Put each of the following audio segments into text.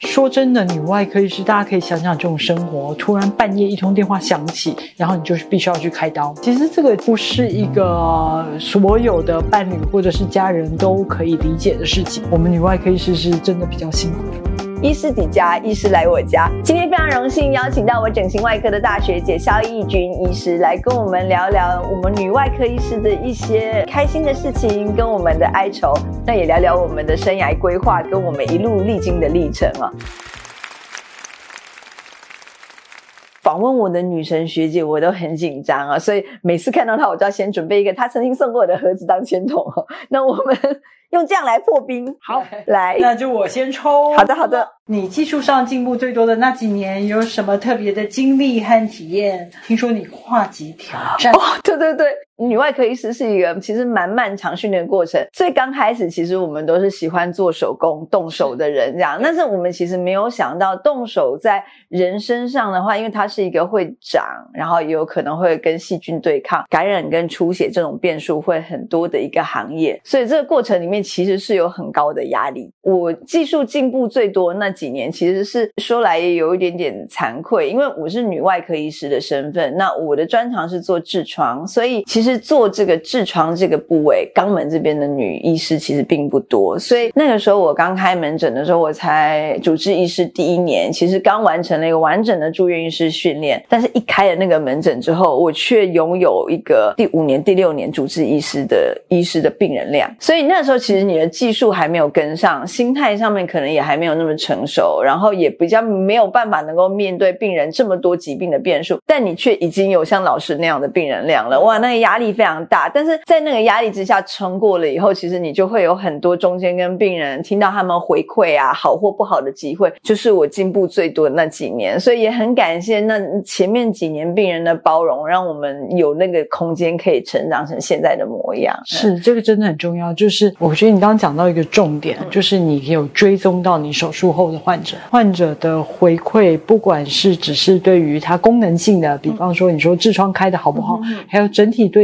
說真的，女外科醫師，大家可以想想這種生活：突然半夜一通電話響起，然後你就是必須要去開刀。其實這個不是一個所有的伴侶或者是家人都可以理解的事情。我們女外科醫師是真的比較辛苦。醫師抵家，家醫師來我家。今天非常榮幸邀請到我整形外科的大學姐，蕭奕君醫師來跟我們聊聊我們女外科醫師的一些開心的事情，跟我們的哀愁，那也聊聊我們的生涯規劃，跟我們一路歷經的歷程啊。訪問我的女神學姐，我都很緊張啊，所以每次看到她，我就要先準備一個她曾經送過我的盒子當籤筒哦啊。那我們用這樣來破冰，好，來，那就我先抽。好的好的，好的，你技術上進步最多的那幾年，有什麼特別的經歷和體驗？聽說你跨級挑戰哦，對對對。女外科醫師是一個其實蠻漫長訓練過程，所以剛開始其實我們都是喜歡做手工、動手的人這樣。但是我們其實沒有想到，動手在人身上的話，因為它是一個會長，然後也有可能會跟細菌對抗、感染跟出血這種變數會很多的一個行業。所以這個過程裡面其實是有很高的壓力。我技術進步最多那幾年，其實是說來也有一點點慚愧，因為我是女外科醫師的身份，那我的專長是做痔瘡，所以其實。是做這個痔瘡這個部位，肛門這邊的女醫師其實並不多，所以那個時候我剛開門診的時候，我才主治醫師第一年，其實剛完成了一個完整的住院醫師訓練，但是一開了那個門診之後，我卻擁有一個第五年、第六年主治醫師的醫師的病人量，所以那時候其實你的技術還沒有跟上，心態上面可能也還沒有那麼成熟，然後也比較沒有辦法能夠面對病人這麼多疾病的變數，但你卻已經有像老師那樣的病人量了，哇，那壓力。壓力非常大，但是在那個壓力之下撐過了以後，其實你就會有很多中間跟病人聽到他們回饋啊，好或不好的機會，就是我進步最多的那幾年，所以也很感謝那前面幾年病人的包容，讓我們有那個空間可以成長成現在的模樣。是、嗯、這個真的很重要，就是我覺得你剛剛講到一個重點，嗯、就是你有追蹤到你手術後的患者，嗯、患者的回饋，不管是只是對於他功能性的，比方說你說痔瘡開的好不好，嗯、還有整體對。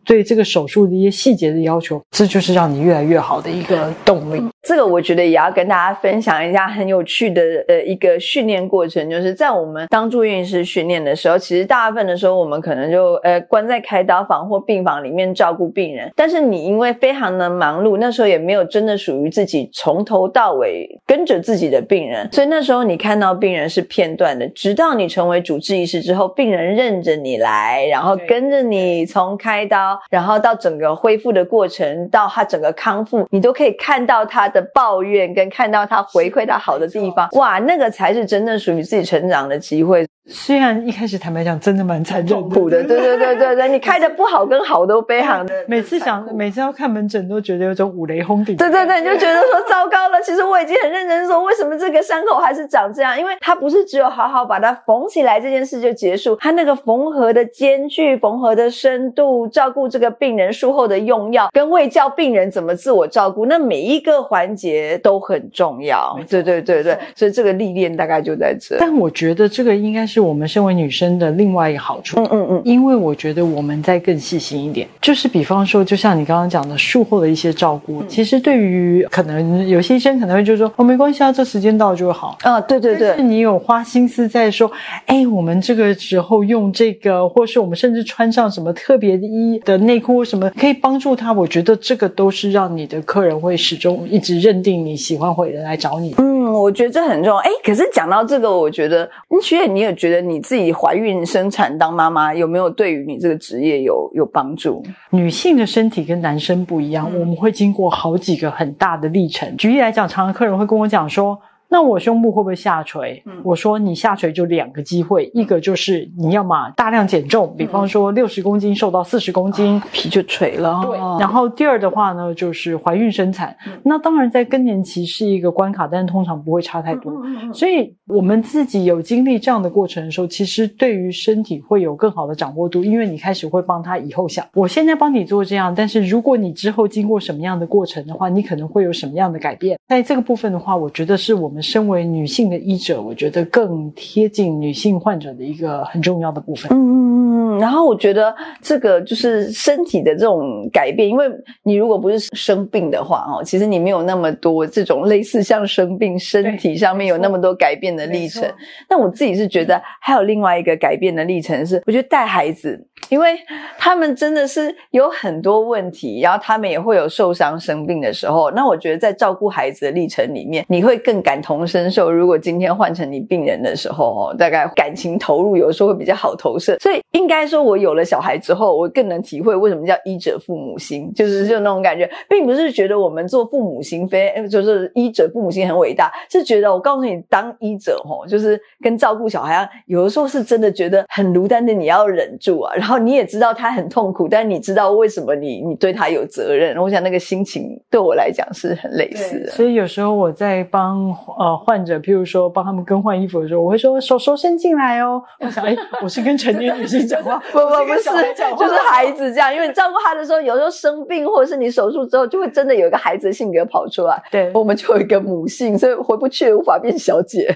對這個手術的一些細節的要求，這就是讓你越來越好的一個動力。嗯，這個我覺得也要跟大家分享一下很有趣的呃一個訓練過程，就是在我們當住院醫師訓練的時候，其實大部分的時候我們可能就呃關在開刀房或病房裡面照顧病人，但是你因為非常的忙碌，那時候也沒有真的屬於自己從頭到尾跟着自己的病人，所以那時候你看到病人是片段的。直到你成為主治醫師之後，病人認着你來，然後跟着你從開刀。然後到整個恢復的過程，到他整個康復，你都可以看到他的抱怨，跟看到他回饋到好的地方。哇，那個才是真正屬於自己成長的機會。雖然一開始坦白講，真的蠻慘痛的，的，的，對對對對對， 你開的不好跟好都非常的。 每次想每次要看門診，都覺得有種五雷轟頂。對對對，你就覺得說糟糕了。 其實我已經很認真說，為什麼這個傷口還是長這樣？因為它不是只有好好把它縫起來這件事就結束，它那個縫合的間距、縫合的深度、照顧。這個病人術後的用藥，跟衛教病人怎麼自我照顧，那每一個環節都很重要。對，沒錯，對對對，嗯、所以這個歷練大概就在這。但我覺得這個應該是我們身為女生的另外一個好處。嗯嗯嗯，嗯嗯，因為我覺得我們再更細心一點。就是比方說，就像你剛剛講的術後的一些照顧，嗯、其實對於可能有些醫生可能會就說：“哦，沒關係啊，這時間到就好。”啊，對對對。但是你有花心思在說：“哎，我們這個時候用這個，或是我們甚至穿上什麼特別的衣。”.的內褲或什麼可以幫助他？我覺得這個都是讓你的客人會始終一直認定你喜歡，或者來找你。嗯，我覺得這很重要。哎，可是講到這個，我覺得，雪，你有覺、覺得你自己懷孕、生產、當媽媽有沒有對於你這個職業有有幫助？女性的身體跟男生不一樣，嗯、我們會經過好幾個很大的歷程。舉例來講，常常客人會跟我講說。那我胸部會不會下垂？嗯、我說你下垂就兩個機會，嗯、一個就是你要麼大量減重，嗯、比方說六十公斤瘦到四十公斤，啊、皮就垂了。對。然後第二的話呢，就是懷孕生產。嗯、那當然在更年期是一個關卡，但是通常不會差太多。嗯嗯嗯嗯嗯、所以。我們自己有經歷這樣的過程的時候，其實對於身體會有更好的掌握度，因為你開始會幫他以後想，我現在幫你做這樣，但是如果你之後經過什麼樣的過程的話，你可能會有什麼樣的改變。在這個部分的話，我覺得是我們身為女性的醫者，我覺得更貼近女性患者的一個很重要的部分。嗯嗯嗯，然後我覺得這個就是身體的這種改變，因為你如果不是生病的話，哦，其實你沒有那麼多這種類似像生病，身體上面有那麼多改變的。的歷程，那我自己是覺得還有另外一個改變的歷程是，我覺得帶孩子，因為他們真的是有很多問題，然後他們也會有受傷、生病的時候。那我覺得在照顧孩子的歷程裡面，你會更感同身受。如果今天換成你病人的時候，哦，大概感情投入有時候會比較好投射。所以應該說，我有了小孩之後，我更能體會為什麼叫醫者父母心，就是就那種感覺，並不是覺得我們做父母心非，就是醫者父母心很偉大，是覺得我告訴你，當醫者。就是跟照顧小孩啊，有的時候是真的覺得很孤單的，你要忍住啊。然後你也知道他很痛苦，但你知道為什麼你？你你對他有責任。然後我想那個心情對我來講是很類似的。所以有時候我在幫呃患者，譬如說幫他們更換衣服的時候，我會說手手伸進來哦。我想，哎，我是跟成年女性講話，就是、不不是不是，就是孩子這樣。因為你照顧他的時候，有時候生病或者是你手術之後，就會真的有一個孩子的性格跑出來。對，我們就有一個母性，所以回不去，無法變小姐。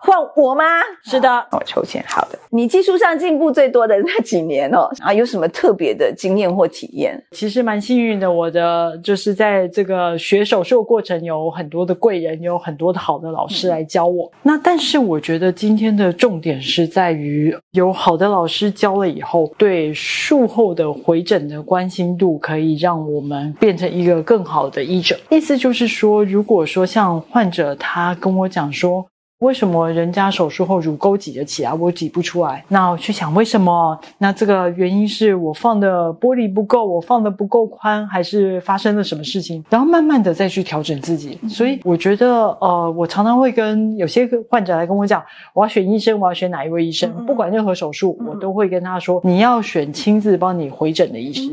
換我嗎？是的，哦、我抽籤好的，你技術上進步最多的那幾年哦，啊，有什麼特別的經驗或體驗？其實蠻幸運的，我的就是在這個學手術過程有很多的貴人，有很多的好的老師來教我。嗯、那但是我覺得今天的重點是在於有好的老師教了以後，對術後的回診的關心度，可以讓我們變成一個更好的醫者。意思就是說，如果說像患者他跟我講說，為什麼人家手術後乳溝擠得起啊，我擠不出來？那我去想為什麼？那這個原因是我放的玻璃不夠，我放的不夠寬，還是發生了什麼事情？然後慢慢的再去調整自己。所以我覺得，呃，我常常會跟有些患者來跟我講，我要選醫生，我要選哪一位醫生？不管任何手術，我都會跟他說，你要選親自幫你回診的醫師，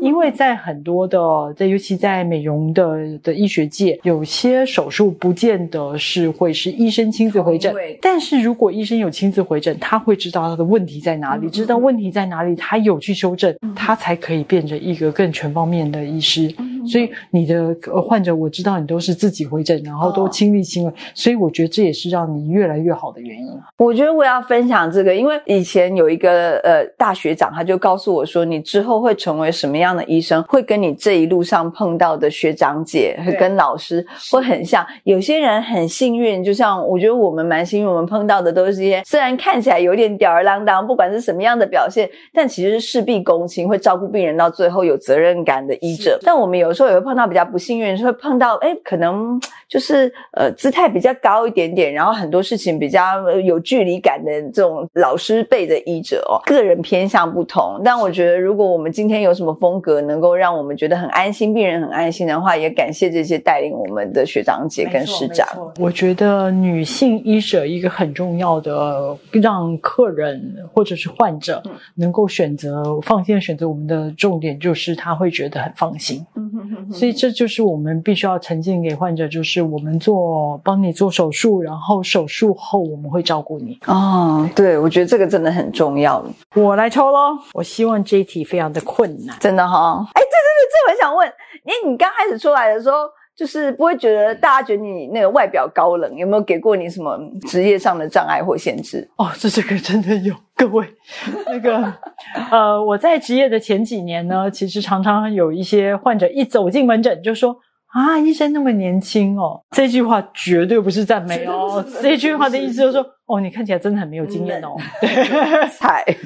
因為在很多的，在尤其在美容的的醫學界，有些手術不見得是會是醫生。親自回診，位但是如果醫生有親自回診，他會知道他的問題在哪裡，嗯、知道問題在哪裡，他有去修正，嗯、他才可以變成一個更全方面的醫師。嗯所以你的患者我知道你都是自己回診，嗯、然後都親力親為，哦、所以我覺得這也是讓你越來越好的原因。我覺得我要分享這個，因為以前有一個呃大學長，他就告訴我說，你之後會成為什麼樣的醫生，會跟你這一路上碰到的學長姐對跟老師會很像。有些人很幸運，就像我覺得我們蠻幸運，我們碰到的都是一些雖然看起來有點吊兒郎當，不管是什麼樣的表現，但其實是事必躬親，會照顧病人到最後有責任感的醫者。是的但我們有。有時候也會碰到比較不幸運，就是、會碰到哎，可能就是呃姿態比較高一點點，然後很多事情比較有距離感的這種老師輩的醫者哦。個人偏向不同，但我覺得如果我們今天有什麼風格能夠讓我們覺得很安心，病人很安心的話，也感謝這些帶領我們的學長姐跟師長。我覺得女性醫者一個很重要的讓客人或者是患者能夠選擇放心的選擇我們的重點，就是他會覺得很放心。嗯哼 所以這就是我們必須要呈現給患者，就是我們做，幫你做手術，然後手術後我們會照顧你。哦，對，我覺得這個真的很重要。我來抽嘍，我希望這一題非常的困難，真的哈、哦。哎，對對對，這我想問，哎，你剛開始出來的時候。就是不會覺得大家覺得你那個外表高冷，有沒有給過你什麼職業上的障礙或限制？哦，這這個真的有，各位，那個， 呃，我在職業的前幾年呢，其實常常有一些患者一走進門診就說。啊，醫生那麼年輕哦，這句話絕對不是讚美哦。哦，這句話的意思就是說，是哦，你看起來真的很沒有經驗哦。嗯、對，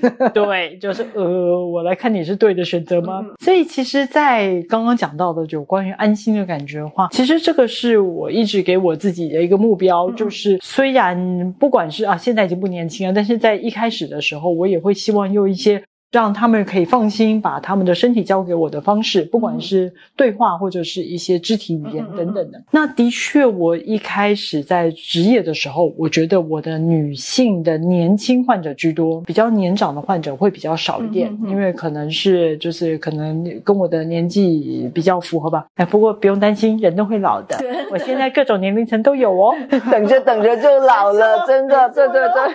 對，對 對就是呃，我來看你是對的選擇嗎？嗯、所以其實，在剛剛講到的有關於安心的感覺的話，其實這個是我一直給我自己的一個目標，嗯、就是雖然不管是啊，現在已經不年輕了，但是在一開始的時候，我也會希望用一些。讓他們可以放心把他們的身體交給我的方式，不管是對話或者是一些肢體語言等等的。那的確，我一開始在職業的時候，我覺得我的女性的年輕患者居多，比較年長的患者會比較少一點，嗯、哼哼因為可能是就是可能跟我的年紀比較符合吧。哎、不過不用擔心，人都會老的。真的。我現在各種年齡層都有哦， 等着等着就老了， 真的， 對，對對對。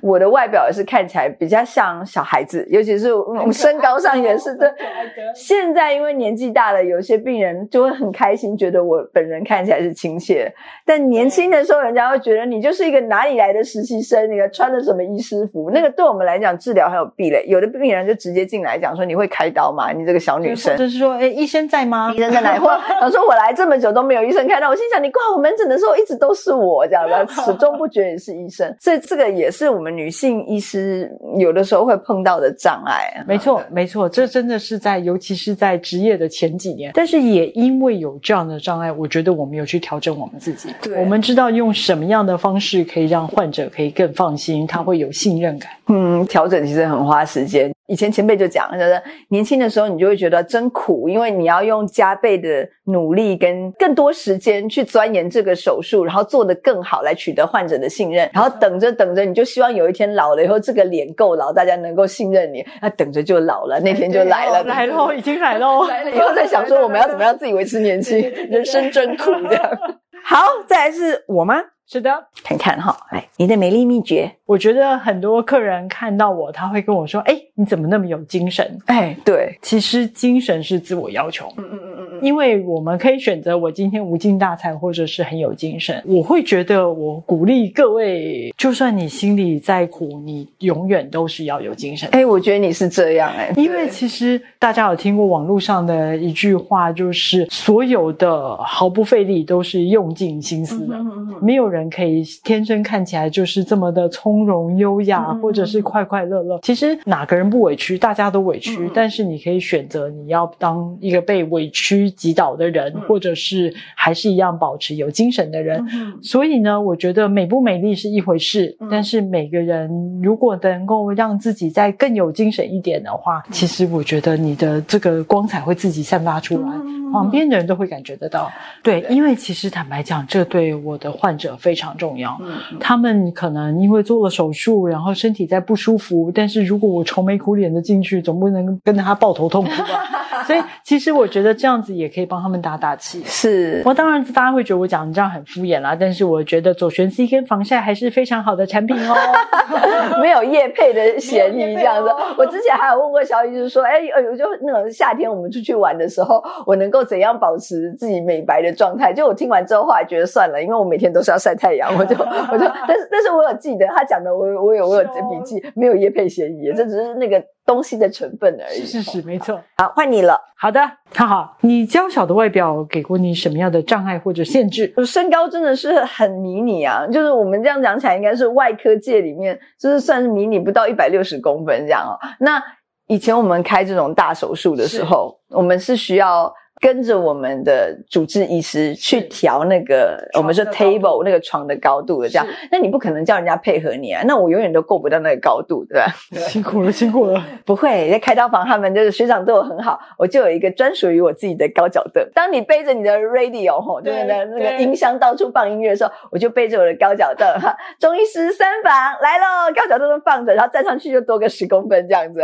我的外表也是看起來比較像小孩子，尤其是我們、嗯、身高上也是的。 現在因為年紀大了，有些病人就會很開心，覺得我本人看起來是親切。但年輕的時候，人家會覺得你就是一個哪裡來的實習生，你要穿的什麼醫師服？對那個對我們來講，治療還有壁壘。有的病人就直接進來講說：“你會開刀嗎？你這個小女生。”就是說：“哎、欸，醫生在嗎？醫生在哪裡？”我 說：“我來這麼久都沒有醫生開刀。”我心想你：“你掛我門診的時候一直都是我這樣子始終不覺得你是醫生。”所以這個也是。我們女性醫師有的時候會碰到的障礙，沒錯，沒錯，這真的是在，嗯、尤其是在職業的前幾年。但是也因為有這樣的障礙，我覺得我們有去調整我們自己，對我們知道用什麼樣的方式可以讓患者可以更放心，他會有信任感。嗯嗯，調整其實很花時間。以前前輩就講，就是年輕的時候你就會覺得真苦，因為你要用加倍的努力跟更多時間去鑽研這個手術，然後做得更好來取得患者的信任。然後等着等着，你就希望有一天老了以後這個臉夠老，大家能夠信任你。那、啊、等着就老了，那天就來了。對着來嘍，已經來嘍。然後再想說我們要怎麼樣自己維持年輕，人生真苦這樣。的好，再來是我嗎？是的，看看哈、哦，來你的美麗秘訣。我覺得很多客人看到我，他會跟我說：“哎、欸，你怎麼那麼有精神？”哎、欸，對，其實精神是自我要求。嗯嗯嗯嗯，因為我們可以選擇，我今天無精打采，或者是很有精神。我會覺得，我鼓勵各位，就算你心裡再苦，你永遠都是要有精神。哎、欸，我覺得你是這樣、欸，哎，因為其實大家有聽過網絡上的一句話，就是所有的毫不費力都是用盡心思的，嗯、哼哼哼，沒有人可以天生看起來就是這麼的聰。從容優雅，或者是快快樂樂。嗯嗯、其實哪個人不委屈，大家都委屈。嗯、但是你可以選擇，你要當一個被委屈擊倒的人，嗯、或者是還是一樣保持有精神的人。嗯嗯、所以呢，我覺得美不美麗是一回事，嗯、但是每個人如果能夠讓自己再更有精神一點的話，嗯、其實我覺得你的這個光彩會自己散發出來，嗯嗯、旁邊的人都會感覺得到。嗯、對，因為其實坦白講，這對我的患者非常重要。嗯、他們可能因為做了。手術，然後身體在不舒服。但是如果我愁眉苦臉的進去，總不能跟他抱頭痛哭吧。 所以其實我覺得這樣子也可以幫他們打打氣。是，我當然大家會覺得我講這樣很敷衍啦，但是我覺得左旋 C 跟防曬還是非常好的產品哦， 沒有業配的嫌疑、哦。這樣子，我之前還有問過小雨，就是說，哎，哎，就那種、個、夏天我們出去玩的時候，我能夠怎樣保持自己美白的狀態？就我聽完之後，後來覺得算了，因為我每天都是要曬太陽，我就我就，但是但是，我有記得他講。我我有、哦、我有記筆記，沒有業配嫌疑，這只是那個東西的成分而已。是是沒錯。好，換你了。好的，哈好，好。你嬌小的外表給過你什麼樣的障礙或者限制？身高真的是很迷你啊，就是我們這樣講起來，應該是外科界裡面就是算是迷你，不到一百六十公分這樣哦。那以前我們開這種大手術的時候，是我們是需要。跟着我們的主治醫師去調那個，是我們說 table 那個床的高度的，這樣，是那你不可能叫人家配合你啊，那我永遠都夠不到那個高度，對吧？對，辛苦了，辛苦了。不會，在開刀房他們就是學長對我很好，我就有一個專屬於我自己的高腳凳。當你背着你的 radio 吼，對，那對，那個音箱到處放音樂的時候，我就背着我的高腳凳哈，鍾醫師三房來嘍，高腳凳都放着，然後站上去就多個十公分這樣子，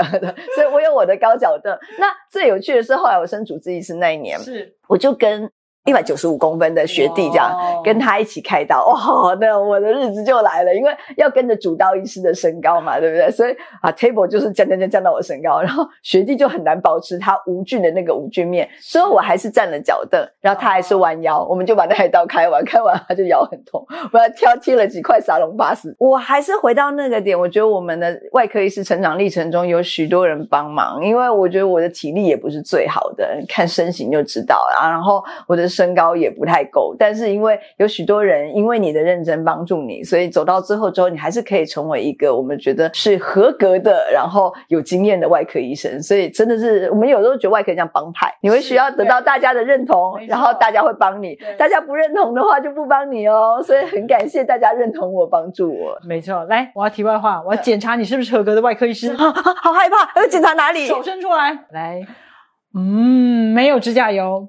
所以我有我的高腳凳。 那最有趣的是，後來我升主治醫師那一年，是，我就跟一百九十五公分的學弟這樣哇跟他一起開刀，哇、哦，那我的日子就來了，因為要跟着主刀醫師的身高嘛，對不對？所以啊，table 就是降降降降到我身高，然後學弟就很難保持他無菌的那個無菌面，所以我還是站了腳凳，然後他還是彎腰，我們就把那台刀開完，開完他就腰很痛，我還挑剔了幾塊撒隆巴斯，我還是回到那個點，我覺得我們的外科醫師成長歷程中有許多人幫忙，因為我覺得我的體力也不是最好的，看身形就知道了啊。然後我的。身高也不太夠，但是因為有許多人因為你的認真幫助你，所以走到最後之後，你還是可以成為一個我們覺得是合格的，然後有經驗的外科醫生。所以真的是我們有時候覺得外科這樣幫派，你會需要得到大家的認同，然後大家會幫你，錯大家不認同的話就不幫你哦。對所以很感謝大家認同我，幫助我。沒錯，來，我要題外話，我要檢查你是不是合格的外科醫生。啊啊。好害怕，要檢查哪裡？手伸出來，來，嗯，沒有指甲油。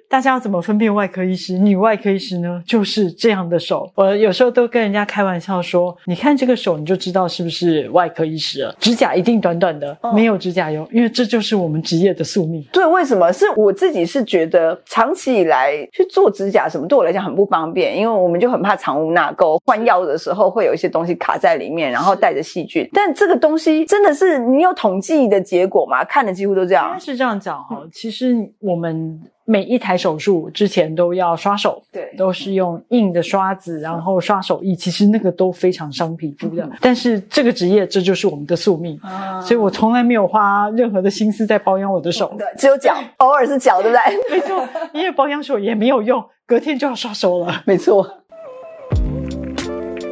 大家要怎麼分辨外科醫師、女外科醫師呢？就是這樣的手，我有時候都跟人家開玩笑說：“你看這個手，你就知道是不是外科醫師了。”指甲一定短短的，哦，沒有指甲油，因為這就是我們職業的宿命。對，為什麼？是我自己是覺得長期以來去做指甲什麼，對我來講很不方便，因為我們就很怕藏污納垢，換藥的時候會有一些東西卡在裡面，然後帶着細菌。是但這個東西真的是你有統計的結果嗎？看的幾乎都這樣，應該是這樣講哈。其實我們。每一台手術之前都要刷手，對，都是用硬的刷子，嗯、然後刷手藝、嗯、其實那個都非常傷皮膚的。嗯、但是這個職業，這就是我們的宿命啊！嗯、所以我從來沒有花任何的心思在保養我的手，嗯、對，只有腳，對偶爾是腳，對不對？沒錯，因為保養手也沒有用，隔天就要刷手了，沒錯。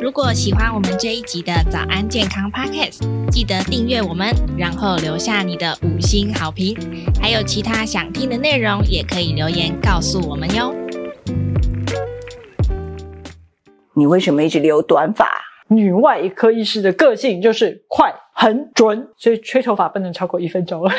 如果喜歡我們這一集的早安健康 Podcast，記得訂閱我們，然後留下你的五星好評。還有其他想聽的內容，也可以留言告訴我們喲。你為什麼一直留短髮？女外科醫師的個性就是快、很準，所以吹頭髮不能超過一分鐘，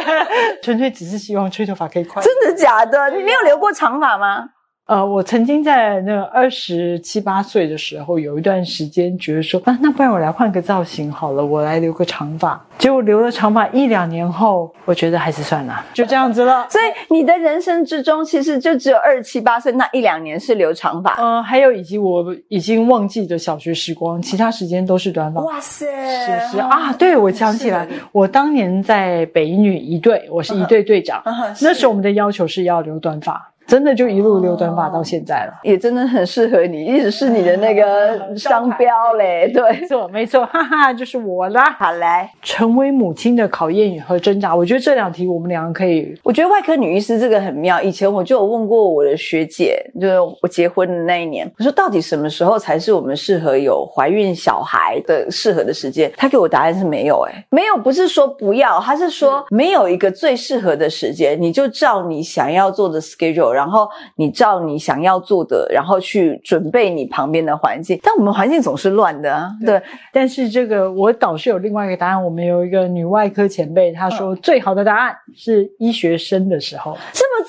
純粹只是希望吹頭髮可以快。真的假的？你沒有留過長髮嗎？呃，我曾經在那個二十七八歲的時候，有一段時間覺得說啊，那不然我來換個造型好了，我來留個長髮。結果留了長髮一兩年後，我覺得還是算了，就這樣子了。所以你的人生之中，其實就只有二十七八歲那一兩年是留長髮。嗯、呃，還有以及我已經忘記的小學時光，其他時間都是短髮。哇塞，是不是啊？哦、對，我想起來，是我當年在北一女儀隊，我是儀隊隊長，嗯嗯嗯、那時候我們的要求是要留短髮。真的就一路留短髮到現在了，也真的很適合你，一直是你的那個商標嘞。嗯、對，錯， 沒錯，哈哈，就是我啦。好嘞，成為母親的考驗與和掙扎，我覺得這兩題我們兩個可以。我覺得外科女醫師這個很妙。以前我就有問過我的學姐，就是我結婚的那一年，我說到底什麼時候才是我們適合有懷孕小孩的適合的時間？她給我答案是沒有、欸，誒。沒有，不是說不要，她是說沒有一個最適合的時間，你就照你想要做的 schedule。然後你照你想要做的，然後去準備你旁邊的環境。但我們環境總是亂的啊，對，對。但是這個我導師有另外一個答案，我們有一個女外科前輩，她說最好的答案是醫學生的時候。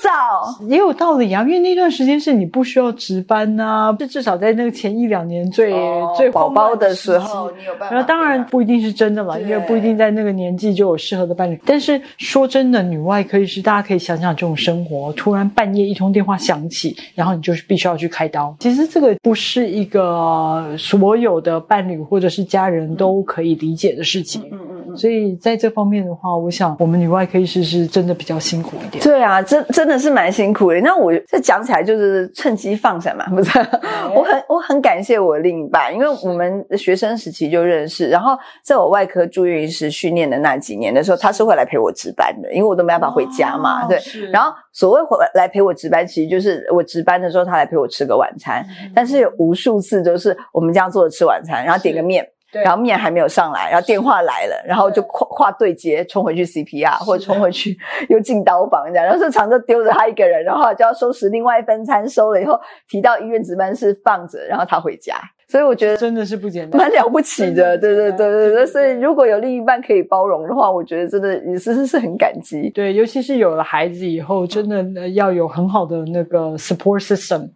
這麼早也有道理啊，因為那段時間是你不需要值班吶、啊，至少在那個前一兩年最、哦、最寶寶的時候，你有辦法、啊、然後當然不一定是真的嘛，對因為不一定在那個年紀就有適合的伴侶。但是說真的，女外科醫師大家可以想想這種生活：突然半夜一通電話響起，然後你就是必須要去開刀。其實這個不是一個所有的伴侶或者是家人都可以理解的事情。嗯嗯所以在這方面的話，我想我們女外科醫師是真的比較辛苦一點。對啊，真真的是蠻辛苦的。那我這講起來就是趁機放閃嘛，不是？Okay. 我很我很感謝我另一半，因為我們學生時期就認識，然後在我外科住院醫師訓練的那幾年的時候，是他是會來陪我值班的，因為我都沒辦法回家嘛。哇對，是然後所謂回來陪我值班，其實就是我值班的時候他來陪我吃個晚餐。嗯、但是有無數次都是我們這樣坐着吃晚餐，然後點個麵。然後麵還沒有上來，然後電話來了，然後就跨跨對接衝回去 CPR，或者衝回去又進刀房這樣，然後常常丟着他一個人，然後就要收拾另外一份餐，收了以後提到醫院值班室放着，然後他回家。所以我覺得真的是不簡單，蠻了不起的。對對對對對，所以如果有另一半可以包容的話，我覺得真的也真是很感激。對，尤其是有了孩子以後，真的要有很好的那個 support system，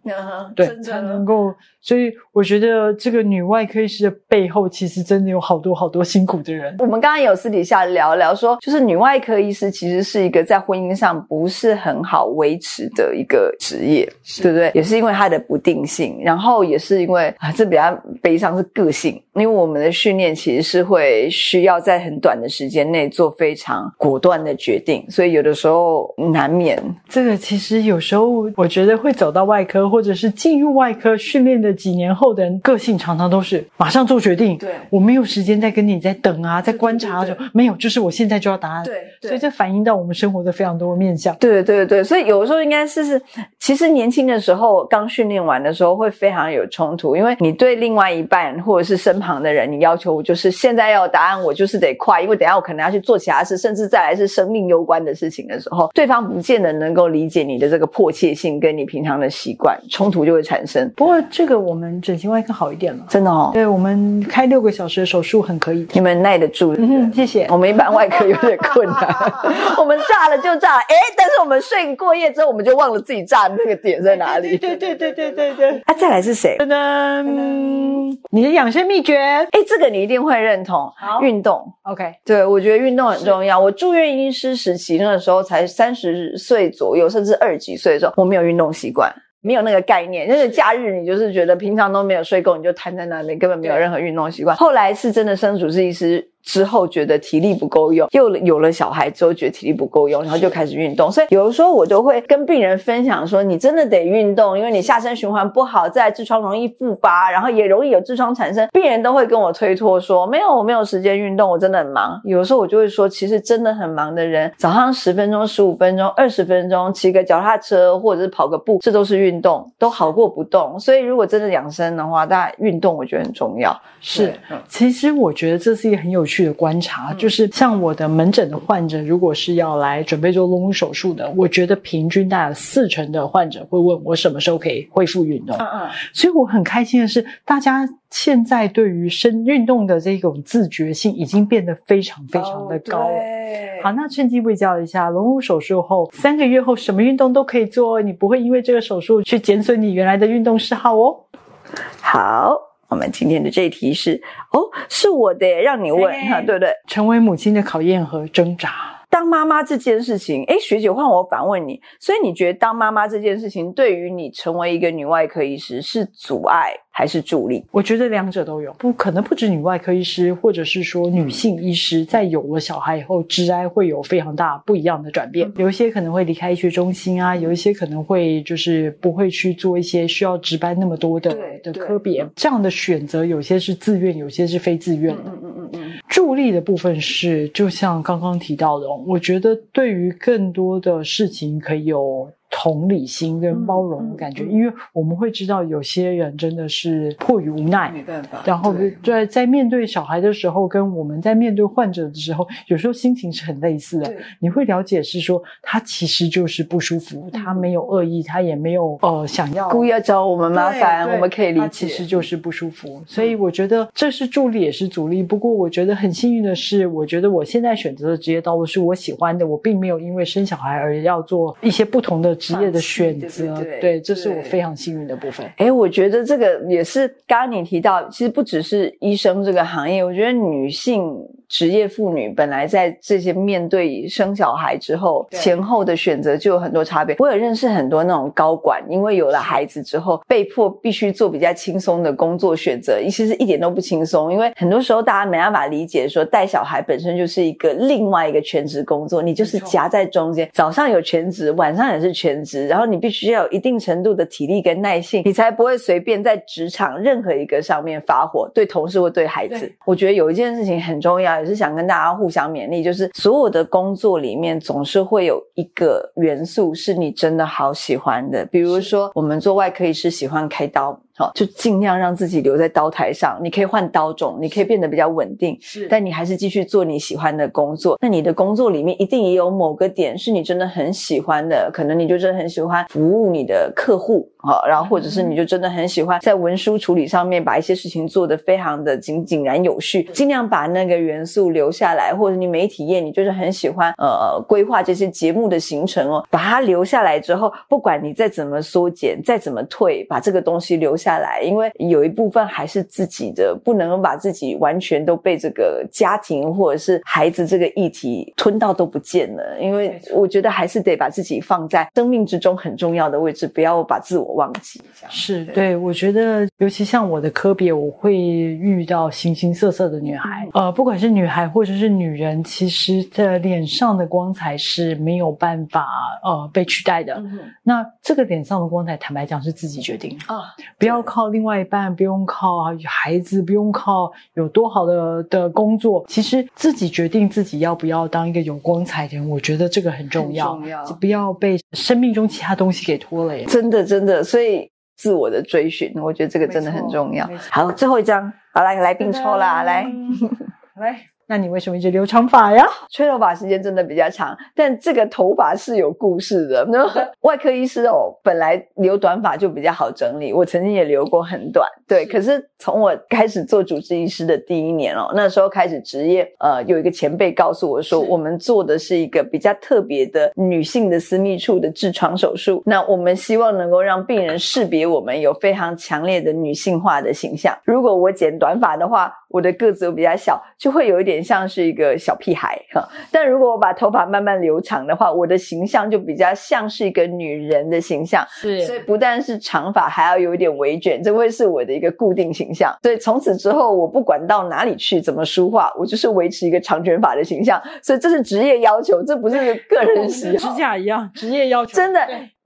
對，才能夠。所以我覺得這個女外科醫師的背後，其實真的有好多好多辛苦的人。我們剛剛有私底下聊聊說，就是女外科醫師其實是一個在婚姻上不是很好維持的一個職業，是對不對？也是因為她的不定性，然後也是因為啊，這比較悲傷是個性，因為我們的訓練其實是會需要在很短的時間內做非常果斷的決定，所以有的時候難免。這個其實有時候我覺得會走到外科，或者是進入外科訓練的幾年後的人個性常常都是馬上做決定。對，我沒有時間再跟你再等啊，再對觀察啊，對對對就沒有，就是我現在就要答案。對，對所以這反映到我們生活的非常多的面向。對對對所以有的時候應該是是，其實年輕的時候剛訓練完的時候會非常有衝突，因為你對另外一半或者是身旁的人，你要求我就是現在要答案，我就是得快，因為等下我可能要去做其他事，甚至再來是生命攸關的事情的時候，對方不見得能夠理解你的這個迫切性，跟你平常的習慣衝突就會產生。不過這個。我們整形外科好一點了，真的哦。對，我們開六個小時的手術很可以，你們耐得住。嗯，謝謝。我們一般外科有點困難，我們炸了就炸。哎，但是我們睡過夜之後，我們就忘了自己炸的那個點在哪裡。對對對對對對。啊，再來是誰？噔噔，你的養生秘訣。哎，這個你一定會認同。好，運動。OK，對，我覺得運動很重要。我住院醫師時期那時候才三十歲左右，甚至二十幾歲的時候，我沒有運動習慣。沒有那個概念，那就是假日你就是覺得平常都沒有睡夠，是你就癱在那裡，根本沒有任何運動習慣。對後來是真的是，升主治醫師。之後覺得體力不夠用，又有了小孩之後覺得體力不夠用，然後就開始運動。所以有的時候我就會跟病人分享說：“你真的得運動，因為你下身循環不好，再痔瘡容易復發，然後也容易有痔瘡產生。”病人都會跟我推脫說：“沒有，我沒有時間運動，我真的很忙。”有的時候我就會說：“其實真的很忙的人，早上十分鐘、十五分鐘、二十分鐘騎個腳踏車，或者是跑個步，這都是運動，都好過不動。所以如果真的養生的話，大家運動我覺得很重要。是，嗯、其實我覺得這是一個很有趣。去觀察，就是像我的門診的患者，如果是要來準備做隆乳手術的，我覺得平均大概四成的患者會問我什麼時候可以恢復運動。嗯嗯，所以我很開心的是，大家現在對於生運動的這種自覺性已經變得非常非常的高。了、哦。好，那趁機衛教一下隆乳手術後三個月後什麼運動都可以做，哦，你不會因為這個手術去減損你原來的運動嗜好哦。好。我們今天的這一題是，哦，是我的讓你問哈對、啊，對不對？成為母親的考驗和掙扎。當媽媽這件事情，哎，學姐換我反問你，所以你覺得當媽媽這件事情對於你成為一個女外科醫師是阻礙還是助力？我覺得兩者都有，不可能，不止女外科醫師，或者是說女性醫師在有了小孩以後，職涯會有非常大不一樣的轉變。嗯、有一些可能會離開醫學中心啊，有一些可能會就是不會去做一些需要值班那麼多的的科別，這樣的選擇有些是自願，有些是非自願的，嗯嗯嗯嗯。嗯嗯助力的部分是，就像剛剛提到的，我覺得對於更多的事情可以有同理心跟包容的感覺，嗯嗯、因為我們會知道有些人真的是迫於無奈，沒辦法。然後在對在面對小孩的時候，跟我們在面對患者的時候，有時候心情是很類似的。對你會了解是說，他其實就是不舒服，嗯、他沒有惡意，他也沒有呃想要故意要找我們麻煩，我們可以理解，其實就是不舒服。嗯、所以我覺得這是助力也是阻力。不過我覺得很幸運的是，我覺得我現在選擇的職業道路是我喜歡的，我並沒有因為生小孩而要做一些不同的。職業的選擇，對，對，對，這是我非常幸運的部分。哎，我覺得這個也是剛剛你提到，其實不只是醫生這個行業，我覺得女性。職業婦女本來在這些面對生小孩之後前後的選擇就有很多差別。我有認識很多那種高管，因為有了孩子之後，被迫必須做比較輕鬆的工作選擇，其實一點都不輕鬆。因為很多時候大家沒辦法理解，說帶小孩本身就是一個另外一個全職工作，你就是夾在中間，早上有全職，晚上也是全職，然後你必須要有一定程度的體力跟耐性，你才不會隨便在職場任何一個上面發火，對同事或對孩子。我覺得有一件事情很重要。我也是想跟大家互相勉勵，就是所有的工作裡面，總是會有一個元素是你真的好喜歡的。比如說，我們做外科醫師，喜歡開刀。哦、就盡量讓自己留在刀台上，你可以換刀種，你可以變得比較穩定，是，但你還是繼續做你喜歡的工作。那你的工作裡面一定也有某個點是你真的很喜歡的，可能你就真的很喜歡服務你的客戶，哈、哦，然後或者是你就真的很喜歡在文書處理上面把一些事情做得非常的井井然有序，盡量把那個元素留下來，或者你媒體業，你就是很喜歡呃規劃這些節目的行程哦，把它留下來之後，不管你再怎麼縮減，再怎麼退，把這個東西留下來。下來，因為有一部分還是自己的，不能把自己完全都被這個家庭或者是孩子這個議題吞到都不見了。因為我覺得還是得把自己放在生命之中很重要的位置，不要把自我忘記。是，對，對，我覺得尤其像我的科別，我會遇到形形色色的女孩，嗯、呃，不管是女孩或者是女人，其實的臉上的光彩是沒有辦法呃被取代的。嗯、哼那這個臉上的光彩，坦白講是自己決定啊，不要。靠另外一半，不用靠孩子，不用靠有多好的的工作，其實自己決定自己要不要當一個有光彩的人，我覺得這個很重要，重要就不要被生命中其他東西給拖累。真的，真的，所以自我的追尋，我覺得這個真的很重要。好，最後一張，好來，你來賓抽啦。噔噔來， 來。那你為什麼一直留長髮呀？吹頭髮時間真的比較長，但這個頭髮是有故事的。那外科醫師哦，本來留短髮就比較好整理。我曾經也留過很短，對。可是從我開始做主治醫師的第一年哦，那時候開始執業，呃，有一個前輩告訴我說，是我們做的是一個比較特別的女性的私密處的痔瘡手術。那我們希望能夠讓病人識別我們有非常強烈的女性化的形象。如果我剪短髮的話。我的個子又比較小，就會有一點像是一個小屁孩哈。但如果我把頭髮慢慢留長的話，我的形象就比較像是一個女人的形象。對是，所以不但是長髮，還要有一點微捲，這會是我的一個固定形象。所以從此之後，我不管到哪裡去，怎麼梳化，我就是維持一個長捲髮的形象。所以這是職業要求，這不是個，個人喜好。 指甲一樣，職業要求真的。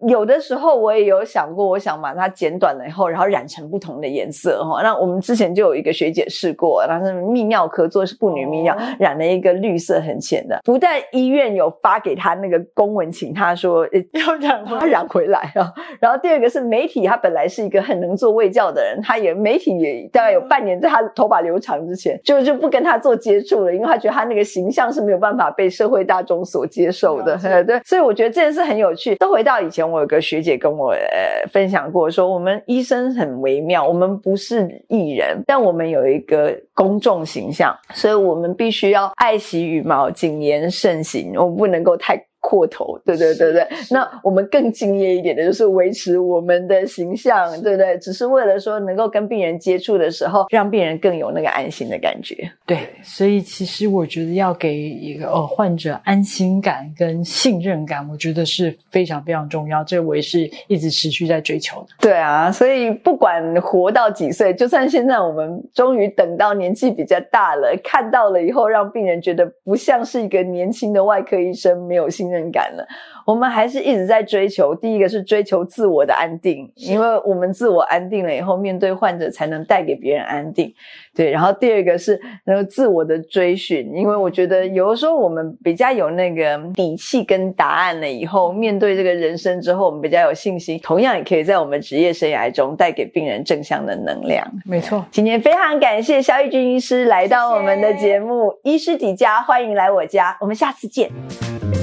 有的時候我也有想過，我想把它剪短了以後，然後染成不同的顏色哈、哦。那我們之前就有一個學姐試過，她是泌尿科做的是婦女泌尿，染了一個綠色很淺的。不但醫院有發給她那個公文，請她說要染，她染回來啊。然後第二個是媒體，她本來是一個很能做衛教的人，她也媒體也大概有半年在她頭髮留長之前，就就不跟她做接觸了，因為她覺得她那個形象是沒有辦法被社會大眾所接受的。了解。呵，對，所以我覺得這件事很有趣，都回到以前。我有個學姐跟我呃分享過，說我們醫生很微妙，我們不是藝人，但我們有一個公眾形象，所以我們必須要愛惜羽毛，謹言慎行，我們不能夠太。闊頭，對對對對，那我們更敬業一點的就是維持我們的形象，對不對？只是為了說能夠跟病人接觸的時候，讓病人更有那個安心的感覺。對，所以其實我覺得要給一個哦患者安心感跟信任感，我覺得是非常非常重要，這我也是一直持續在追求的。對啊，所以不管活到幾歲，就算現在我們終於等到年紀比較大了，看到了以後，讓病人覺得不像是一個年輕的外科醫生，沒有信。人感了，我們還是一直在追求。第一個是追求自我的安定，是因為我們自我安定了以後，面對患者，才能帶給別人安定。對，然後第二個是能夠自我的追尋，因為我覺得有的時候我們比較有那個底氣跟答案了以後，面對這個人生之後，我們比較有信心，同樣也可以在我們職業生涯中帶給病人正向的能量。沒錯，今天非常感謝蕭奕君醫師來到我們的節目，謝謝。醫師抵家，歡迎來我家，我們下次見。